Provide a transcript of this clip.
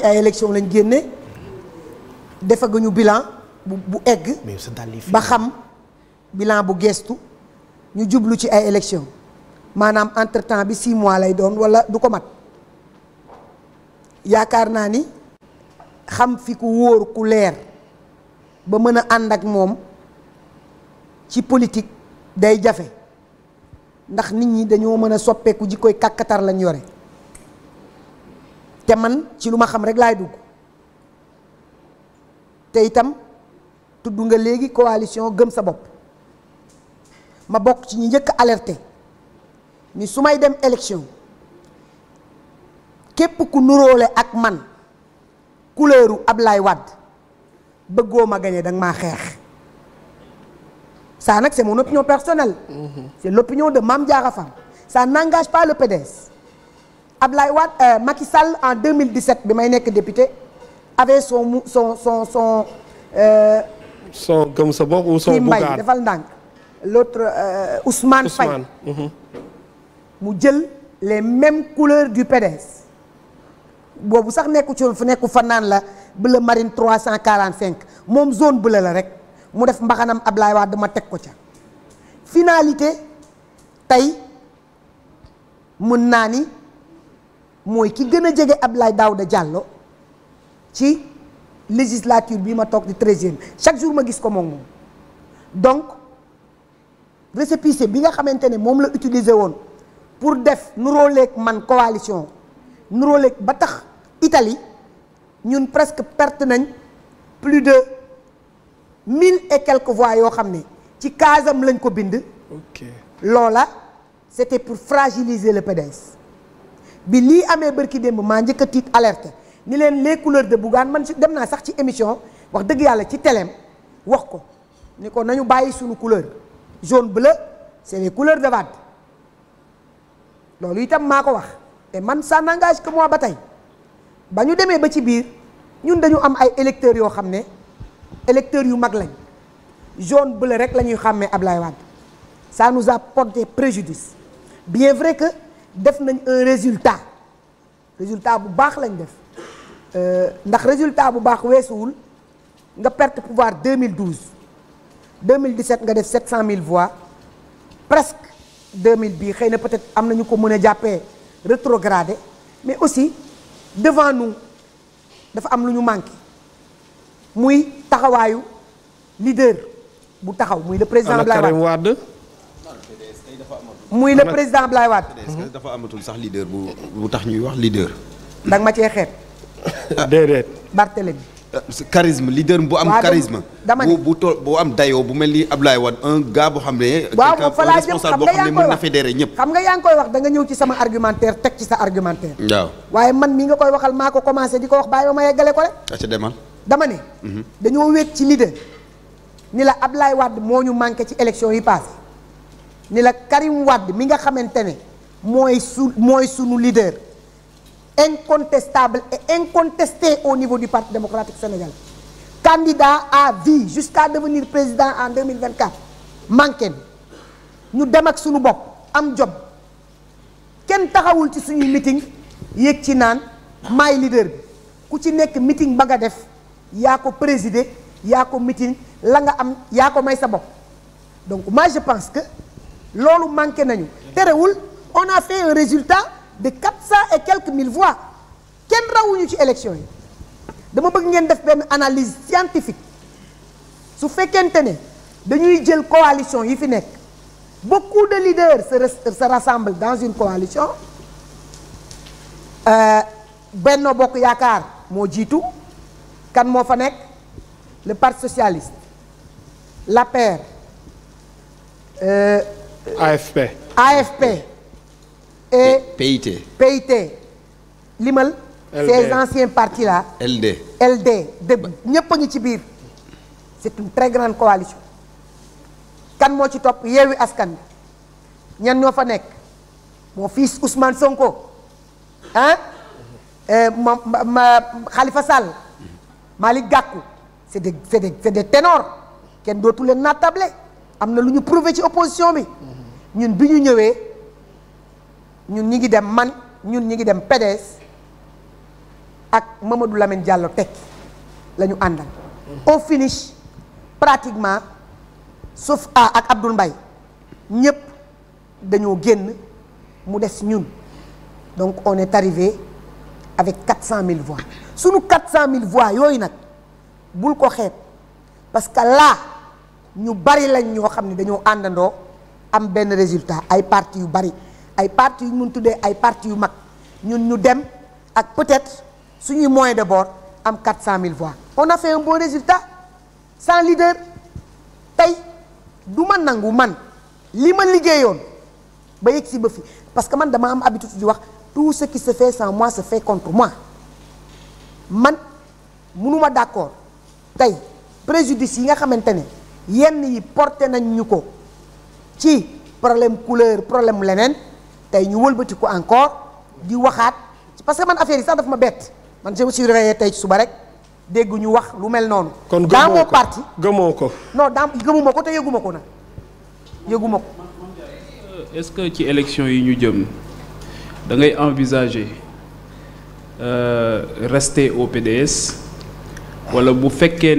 ci ay élection lañ génne defaguñu bilan bu bu egg ba xam bilan bu gestu ñu jublu ci ay élection maanaam entre bi six mois lay doon wala du ko mat yaakaar naa ni xam fi ku wóor ku leer ba mën a ànd ak moom ci politique day jafe ndax nit ñi dañoo mën a soppeeku koy kàkkatar lañ yore te man ci lu ma xam rek laay dugg te itam tudd nga léegi coalition gëm sa bopp ma bokk ci ñu njëkk alerte ni su may dem élection képp ku nuróole ak man couleuru Ablaye Wade bëggoo ma gañe danga maa xeex ça nag c'est mon opinion personnelle mm-hmm. c'est l'opinion de Mame Diarra Fam ça n'engage pas le Ablaye Wade euh, Macky Sall en 2017 bi may nekk député avait son son son son. Euh, son gëm sa bopp son Bougane defal ndànk l'autre euh, Ousmane, mhm. mu jël les mêmes couleurs du PDS boobu sax nekku ci woon fu nekku fanaan la bleu marine 345 moom zone bleue la rek mu def mbaxanam Ablaye Wade dama teg ko ca finalité tey mën naa ni. mooy ki gën a jege daaw de Diallo ci législature bi ma toog di treizième chaque jour ma gis ko moom moom donc récépissé bi nga xamante ne moom la utiliser woon pour def nuróoleeg man coalition nuróoleeg ba tax Italie ñun presque perte nañ plus de mille et quelques voix yoo xam ne ci kaasam lañ ko bind. ok loola c'était pour fragiliser le PDS. bi lii amee bërki démb maa njëkk a tiit alerté ni leen les couleurs de Bougane man si dem naa sax ci émission wax dëgg yàlla ci teleem wax ko ni ko nañu bàyyi suñu couleur jaune bleu c'est les couleur de Wade loolu itam maa ko wax te man ça n'engage que moi ba tey ba ñu demee ba ci biir ñun dañu am ay électeurs yoo xam ne électeurs yu mag lañ jaune bleu rek lañuy ñuy xàmmee Ablaye Wade ça nous a préjudice bien vrai que def nañ un résultat résultat bu baax lañ def euh, ndax résultat bu baax weesuwul nga perte pouvoir mille 2017 nga def mille voix presque 2000 bii xëy na peut-être am na ñu ko mën a jàppee rétrogradé mais aussi devant nous dafa am lu ñu manqué muy taxawaayu leader bu taxaw muy le président Abdoulaye Wade muy le président Ablaye Wade. dafa amatul sax leader bu bu tax ñuy wax leader. da ma cee xeet. Ah. déedéet. Barthélémy. Ah, charisme leader bu am. charisme dama bu bu too bu am dayoo bu mel ni Ablaye Wade un gars boo xam ne. waaw fa laa jëm xam nga yaa ngi koy wax xam nga yaa ngi koy wax da nga ñëw ci sama argumentaire teg ci sa argumentaire. waaw waaye man mi nga koy waxal maa ko commencé di ko wax bàyyi ba ma yeggale ko rek. Ah, ca demal. dama ne. Mhm. dañoo wéet ci leader. ni la Ablaye Wade moo ñu manqué ci élection yi paas ni la Karim Wade mi nga xamante ne mooy su mooy sunu leader incontestable et incontesté au niveau du Parti démocratique sénégalais candidat à vie jusqu'à devenir président en 2024 manqué ñu dem ak sunu bopp am job kenn taxawul ci suñuy meeting yéeg ci naan maay leader bi ku ci nekk meeting ba nga def yaa ko présider yaa ko meeting la nga am yaa ko may sa bopp donc moi je pense que loolu manqué nañu terewul on a fait un résultat de quatre cent et quelques mille voix kenn rawuñu ci élection yi dama bëgg ngeen def benn analyse scientifique su fekkente ne dañuy jël coalition yi fi nekk beaucoup de leaders se se rassemblent dans une coalition euh, Benno Bokk Yaakaar moo jiitu kan moo fa nekk le parti socialiste l'APR. E euh, AFP. AFP. et PIT. PIT limal. LD ces anciens partis LD. LD de ñëpp a ngi ci biir. c'est une très grande coalition. kan moo ci topp yeewi askan bi ñan ñoo fa nekk mon fils Ousmane Sonko ah ma ma Khalifa Sall Malick Gakou c'est des c'est des c'est kenn dootu leen naatable. am na lu ñu prouvé ci opposition bi ñun bi ñu ñëwee ñun ñu ngi dem man ñun ñu ngi dem PDS ak Mamadou Lamine Diallo tekki la ñu àndal au mm-hmm. finish pratiquement sauf a ak Abdoul mbay ñëpp dañoo génn mu des ñun donc on est arrivé avec quatre cent mille voix sunu quatre cent mille voix yooyu nag bul ko xeet parce que ñu bari lañ ñoo xam ne dañoo àndandoo am benn résultat ay parti yu bari ay parti yu mun tuddee ay parti yu mag ñun ñu dem ak peut suñuy moyen de bord am 400000 voix on a fait un bon résultat san lider tey du ma nangu man li ma liggéeyoon ba yegg si ba fi parce que man dama am habitude di wax tout ce qui se fait sans moi se fait contre moi man munuma d'accord tey préjudice yi nga xamante ne yenn yi porte nañ ñu ko ci problème couleur problème leneen tey ñu wëlbati ko encore di waxaat parce que man affaire yi sax dafa ma bett man je me suis réveillé tey ci suba rek dégg ñu wax lu mel noonu. kon gëmoo ko parti gëmoo ko. non dans gëmuma ko te yëguma ko nag yëguma ko. Euh, est-ce que ci élection yi ñu jëm da ngay envisager euh, rester au PDS bu fekkee ne.